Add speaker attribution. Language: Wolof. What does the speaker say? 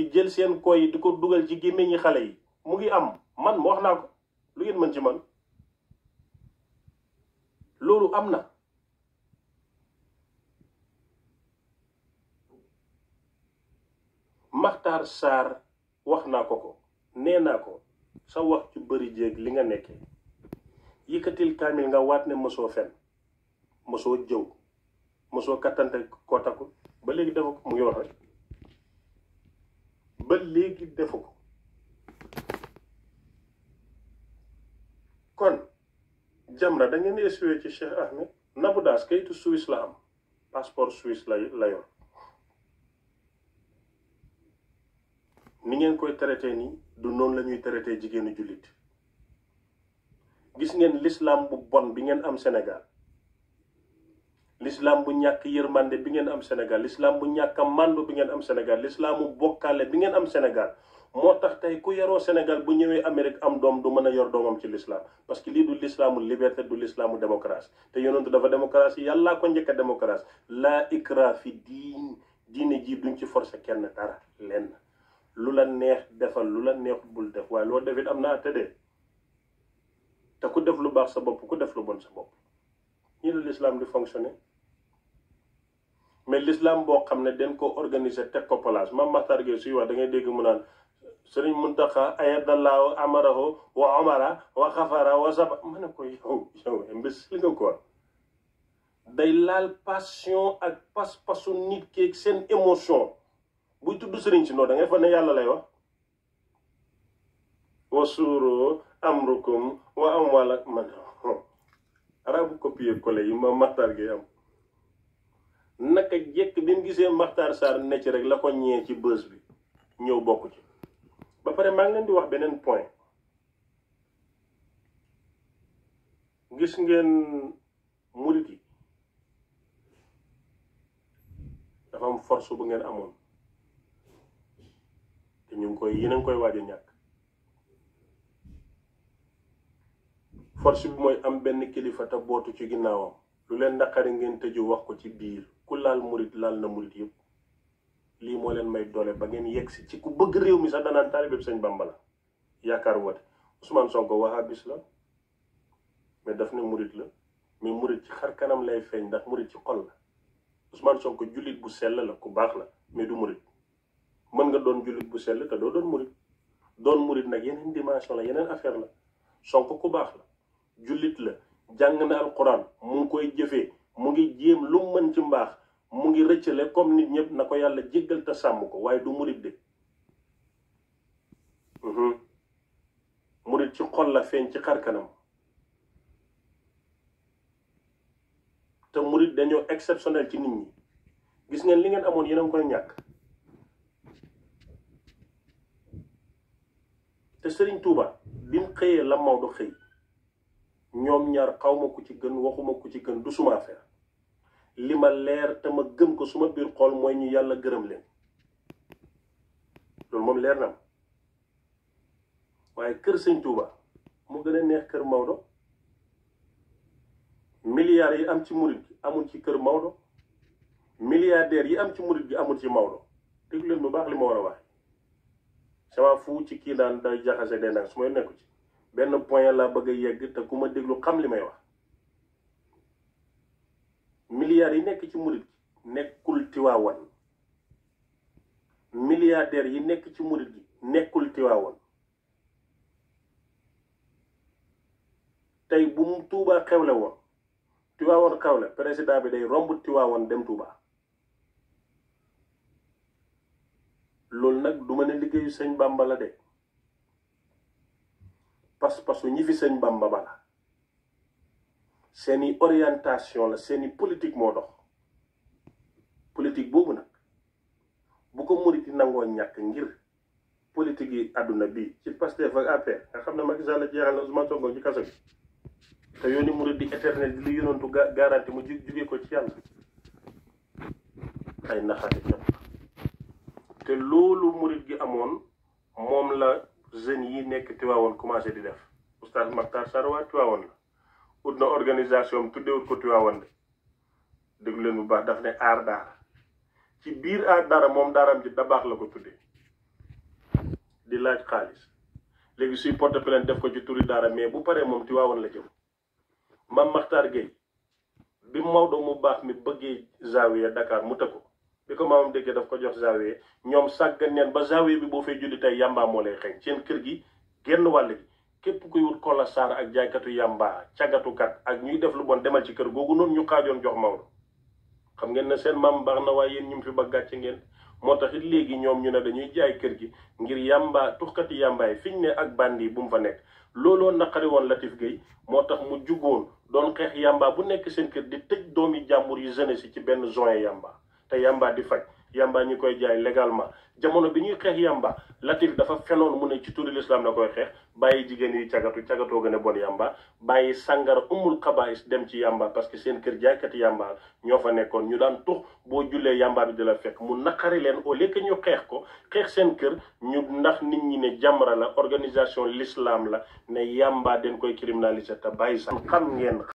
Speaker 1: di jël seen koy yi di ko dugal ci gémmiñi xale yi mu ngi am man mu wax naa ko lu ngeen mën ci man loolu am na Maxtaar Sarr wax naa ko ko nee naa ko sa wax ci bëri jéeg li nga yëkkatil kaamil nga waat ne fen mosoo jëw mosoo kattante koo takku ba léegi dafa ko mu ngi wax rek ba léegi defu ko kon Jamra da ngeen essuyer ci Cheikh Ahmed Nabou kayitu Suisse la am passeport Suisse la la yor ni ngeen koy traité nii du noonu la traité jigéenu jullit gis ngeen lislaam bu bon bi ngeen am Sénégal l'islam bu ñak yermande bi ngeen am Sénégal l'islam bu ñak mandu bi ngeen am Sénégal bu bokalé bi ngeen am Sénégal motax tay ku yaroo Sénégal bu ñëwé Amérique am dom du mëna yor domam ci l'islam parce que li du l'islam liberté du l'islam démocratie te yonentu dafa démocratie yalla ko ñëk démocratie la ikra fi din diine ji duñ ci forcer kenn dara lén lu la neex defal lu la neex bul def lo defit am naa tëddee ku def lu baax sa bop ku def lu bon sa bop ñii l'islam di fonctionner mais l'islam bo xamne den ko organiser tek ko place mam Makhtar ge suwa da ngay deg mu nan serigne Muntaxa ayadallahu amarahu wa umara wa khafara wa saba man ko yow yow imbécile ko ko day lal passion ak pas passu nit ak sen emotion bu tuddu serigne ci no da ngay fa ne lay wax wa amrukum wa amwala man oh, arabu copier collé yi ma Makhtar ge am naka jek bi mu gisee Makhtar sar ne ci rek la ko ñee ci bës bi ñew bokku ci ba pare ma ngi leen wax benen point gis ngeen murit yi dafa am force bu ngeen amoon te ñu ngi koy yi a koy waaj a ñàkk force bi mooy am benn kilifa te bootu ci ginnaawam lu leen naqari ngeen tëju wax ko ci biir kulal murid lal na murid yep li mo len may dole ba ngeen yegg ci ku bëgg rew mi sax danaan taalibeeb sëñ Bamba la yaakaar wat usman Sonko wahabis la mais daf ne murid la mais murid ci xar kanam lay feñ ndax murid ci xol la usman Sonko julit bu sel la ku bax la mais du murid man nga don julit bu sel ta do don murid don murid nak yeneen dimension la yeneen affaire la Sonko ku bax la julit la jang na alquran mu koy jëfé mu ngi jéem lu mën ci mbaax mu ngi rëccale comme nit ñëpp na ko yàlla jéggal te sàmm ko waaye du murit de mhm. murit ci xol la feeñ ci xarkanam te murit dañoo exceptionnel ci nit ñi gis ngeen li ngeen amoon yéen a ngi ñàkk te Serigne tuuba bi xëyee la Maodo xëy ñoom ñaar xawma ku ci gën waxuma ku ci gën du suma affaire li ma leer te ma gëm ko suma biir xool mooy ñu yàlla gërëm leen loolu moom leer na ma waaye kër sëñ Touba mu gën a neex kër Maodo milliards yi am ci murit bi amul ci kër Maodo milliardaires yi am ci murit bi amul ci Maodo déglu leen bu baax li ma war a wax sama fu ci kii daan day jaxase day su may nekku ci benn point laa bëgg a yegg te ku ma déglu xam li may wax milliards yi nekk ci murit gi nekkul tiwaawan milliardaires yi nekk ci murit gi nekkul tiwaawan tey bu mu tuubaa xewle woon tiwaawan xewle président bi day romb tiwaawan dem tuubaa loolu nag du ma ne liggéeyu sëñ Bàmba de pas-pasu ñi fi seen Bamba ba seeni orientation la seeni politique moo dox politique boobu nag bu ko murit yi nangoo ñàkk ngir politique yi àdduna bi ci Pastef ak APR nga xam ne Macky Sall jeexal na ma Sonko ci kaso bi te yooni murit di éternel di lu yonantu garanti mu jugee ko ci yàlla ay naxaate te loolu murit gi amoon moom la jeunes yi nekk Tiwaawoon commencé di def oustaz Makhtar Sarr waa Tiwaawoon la ut na organisation tuddewut ko Tiwaawoon de déglu leen bu baax daf ne aar daara ci biir aar daara moom daaraam ji da baax la ko tuddee di laaj xaalis léegi suy porte plainte def ko ci turi daara mais bu paree moom Tiwaawoon la jëm Mame Makhtar Gueye bi Maodo mu baax mi bëggee Zawiya Dakar mu teg ko bi ko maamam déggee daf ko jox zawiya ñoom sàggan neen ba zawiya bi boo fay julli tey yàmbaa moo lay xeeñ seen kër gi genn wàll gi képp kuy wut kola saar ak jaaykatu yàmbaa cagatukat ak ñuy def lu bon demal ci kër googu noonu ñu xaajoon jox Maodo xam ngeen ne seen maam baax na waaye yéen ñu fi ba gàcce ngeen moo tax it léegi ñoom ñu ne dañuy jaay kër gi ngir yàmbaa tuxkati yàmbaay fiñ ne ak bandi bu mu fa nekk looloo naqari woon Latif Gueye moo tax mu jugoon doon xeex yàmbaa bu nekk seen kër di tëj doomi jàmbur yi jeunesse si ci benn zone yàmbaa te yamba di faj yamba ñi koy jaay légalement jamono bi ñuy xeex yamba latif dafa fenoon mu ne ci turu lislaam la koy xeex bàyyi jigéen yi cagatu cagatoo gën a bon yamba bàyyi sàngara umul xabaayis dem ci yamba parce que seen kër jaaykati yamba ñoo fa nekkoon ñu daan tux boo jullee yamba bi di la fekk mu leen au lieu que ñu xeex ko xeex seen kër ñu ndax nit ñi ne jamra la organisation l'islam la ne yamba den koy criminaliser te bàyyi sax xam ngeen